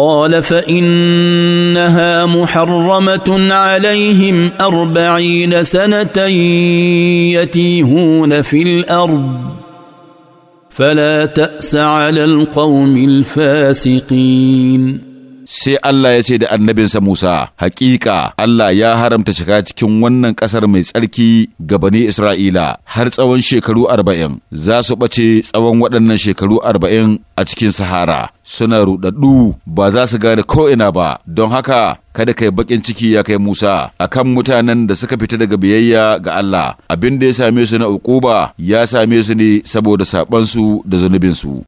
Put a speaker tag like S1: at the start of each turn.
S1: قال فانها محرمه عليهم اربعين سنه يتيهون في الارض فلا تاس على القوم الفاسقين
S2: sai Allah ya ce da annabinsa Musa, Hakika Allah ya haramta shiga cikin wannan ƙasar mai tsarki ga bani Isra'ila har tsawon shekaru arba'in, za su ɓace tsawon waɗannan shekaru arba'in a cikin Sahara, suna ruɗaɗɗu ba za su gane ko'ina ba, don haka kada kai baƙin ciki ya kai Musa a kan mutanen da suka fita daga biyayya ga Allah abin da ya same su na ukuba ya same su ne
S3: saboda saɓansu
S4: da zunubinsu